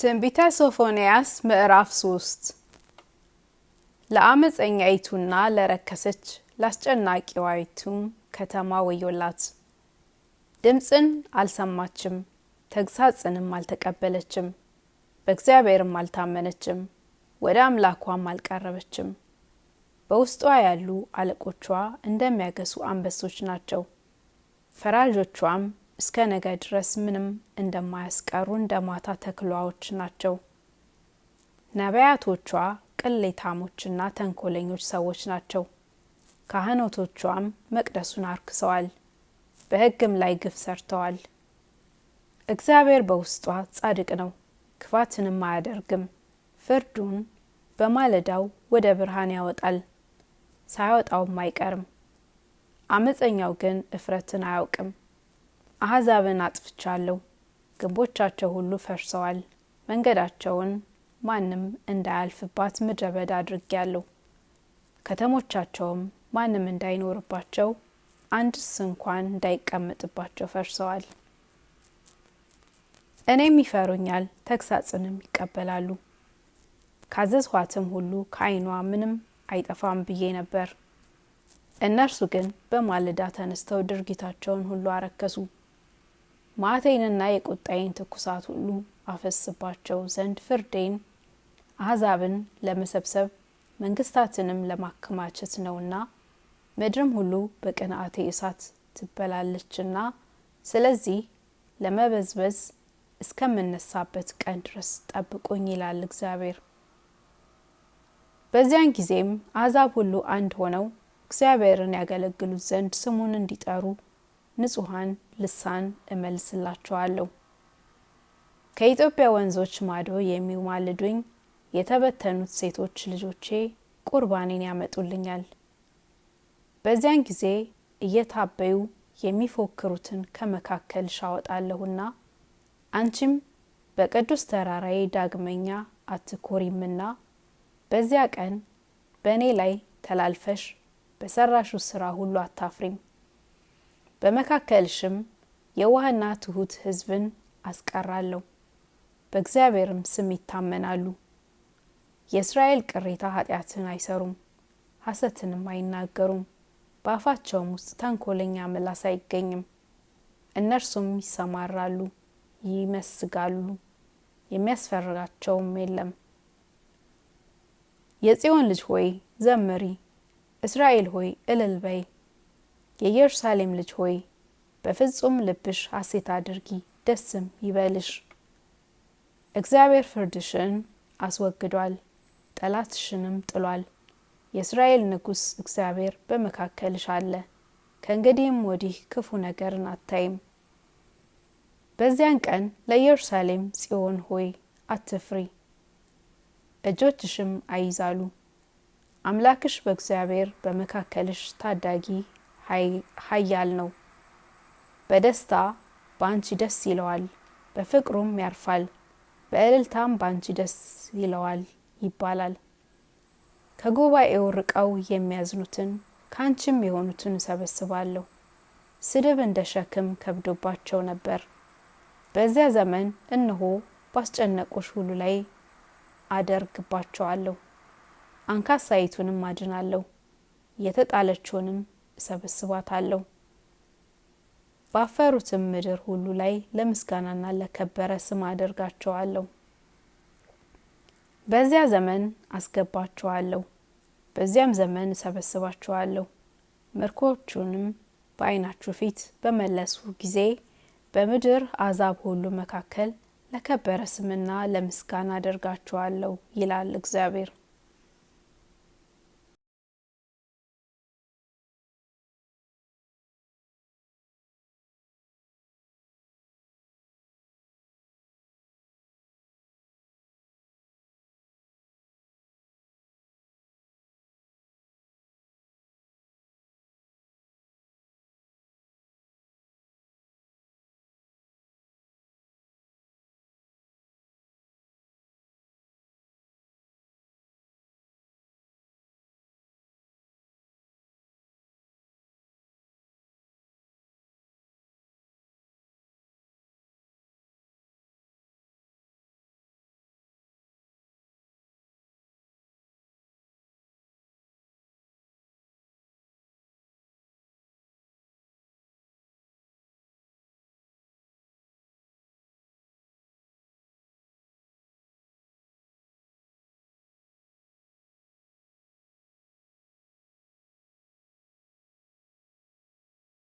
ትንቢተ ሶፎንያስ ምዕራፍ ሶስት ለአመፀኛይቱና ለረከሰች ላስጨናቂዋይቱም ከተማ ወዮላት። ድምፅን አልሰማችም፣ ተግሳጽንም አልተቀበለችም፣ በእግዚአብሔርም አልታመነችም፣ ወደ አምላኳም አልቀረበችም። በውስጧ ያሉ አለቆቿ እንደሚያገሱ አንበሶች ናቸው፣ ፈራዦቿም እስከ ነገ ድረስ ምንም እንደማያስቀሩ እንደ ማታ ተክሏዎች ናቸው። ነቢያቶቿ ቅሌታሞችና ተንኮለኞች ሰዎች ናቸው። ካህኖቶቿም መቅደሱን አርክሰዋል፣ በሕግም ላይ ግፍ ሰርተዋል። እግዚአብሔር በውስጧ ጻድቅ ነው፣ ክፋትንም አያደርግም። ፍርዱን በማለዳው ወደ ብርሃን ያወጣል፣ ሳያወጣውም አይቀርም። አመፀኛው ግን እፍረትን አያውቅም። አሕዛብን አጥፍቻለሁ፣ ግንቦቻቸው ሁሉ ፈርሰዋል፣ መንገዳቸውን ማንም እንዳያልፍባት ምድረ በዳ አድርጌያለሁ። ከተሞቻቸውም ማንም እንዳይኖርባቸው አንድስ እንኳን እንዳይቀመጥባቸው ፈርሰዋል። እኔም ይፈሩኛል፣ ተግሳጽንም ይቀበላሉ። ካዘዝኋትም ሁሉ ከዓይኗ ምንም አይጠፋም ብዬ ነበር። እነርሱ ግን በማለዳ ተነስተው ድርጊታቸውን ሁሉ አረከሱ። መዓቴንና የቁጣዬን ትኩሳት ሁሉ አፈስባቸው ዘንድ ፍርዴን አሕዛብን ለመሰብሰብ መንግስታትንም ለማከማቸት ነውና ምድርም ሁሉ በቅንዓቴ እሳት ትበላለችና ስለዚህ ለመበዝበዝ እስከምነሳበት ቀን ድረስ ጠብቁኝ ይላል እግዚአብሔር። በዚያን ጊዜም አሕዛብ ሁሉ አንድ ሆነው እግዚአብሔርን ያገለግሉት ዘንድ ስሙን እንዲጠሩ ንጹሐን ልሳን እመልስላችኋለሁ። ከኢትዮጵያ ወንዞች ማዶ የሚማልዱኝ የተበተኑት ሴቶች ልጆቼ ቁርባኔን ያመጡልኛል። በዚያን ጊዜ እየታበዩ የሚፎክሩትን ከመካከል ሻወጣለሁና አንቺም በቅዱስ ተራራዬ ዳግመኛ አትኮሪምና በዚያ ቀን በእኔ ላይ ተላልፈሽ በሰራሹ ስራ ሁሉ አታፍሪም። በመካከልሽም የዋህና ትሁት ሕዝብን አስቀራለሁ፣ በእግዚአብሔርም ስም ይታመናሉ። የእስራኤል ቅሬታ ኃጢአትን አይሰሩም፣ ሐሰትንም አይናገሩም፣ በአፋቸውም ውስጥ ተንኮለኛ ምላስ አይገኝም። እነርሱም ይሰማራሉ፣ ይመስጋሉ፣ የሚያስፈርጋቸውም የለም። የጽዮን ልጅ ሆይ ዘምሪ፣ እስራኤል ሆይ እልል በይ። የኢየሩሳሌም ልጅ ሆይ በፍጹም ልብሽ ሐሴት አድርጊ፣ ደስም ይበልሽ። እግዚአብሔር ፍርድሽን አስወግዷል፣ ጠላትሽንም ጥሏል። የእስራኤል ንጉሥ እግዚአብሔር በመካከልሽ አለ። ከእንግዲህም ወዲህ ክፉ ነገርን አታይም። በዚያን ቀን ለኢየሩሳሌም ጽዮን ሆይ አትፍሪ፣ እጆችሽም አይዛሉ። አምላክሽ በእግዚአብሔር በመካከልሽ ታዳጊ ኃያል ነው። በደስታ ባንቺ ደስ ይለዋል፣ በፍቅሩም ያርፋል፣ በእልልታም ባንቺ ደስ ይለዋል ይባላል። ከጉባኤው ርቀው የሚያዝኑትን ካንቺም የሆኑትን እሰበስባለሁ። ስድብ እንደ ሸክም ከብዶባቸው ነበር። በዚያ ዘመን እነሆ ባስጨነቁሽ ሁሉ ላይ አደርግባቸዋለሁ፣ አንካሳይቱንም አድናለሁ፣ የተጣለችውንም እሰበስባታለሁ። ባፈሩትም ምድር ሁሉ ላይ ለምስጋናና ለከበረ ስም አደርጋቸዋለሁ። በዚያ ዘመን አስገባቸዋለሁ፣ በዚያም ዘመን እሰበስባቸዋለሁ። ምርኮቹንም በዓይናችሁ ፊት በመለሱ ጊዜ በምድር አዛብ ሁሉ መካከል ለከበረ ስምና ለምስጋና አደርጋቸዋለሁ ይላል እግዚአብሔር።